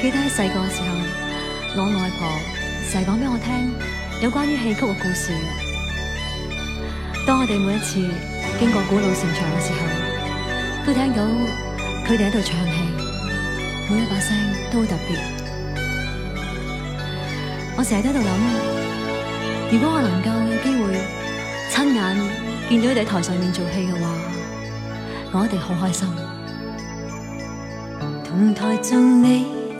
記得喺細個嘅時候，我外婆成日講俾我聽有關於戲曲嘅故事。當我哋每一次經過古老城牆嘅時候，都聽到佢哋喺度唱戲，每一把聲都好特別。我成日都喺度諗，如果我能夠有機會親眼見到佢哋喺台上面做戲嘅話，我一定好開心。同台做你。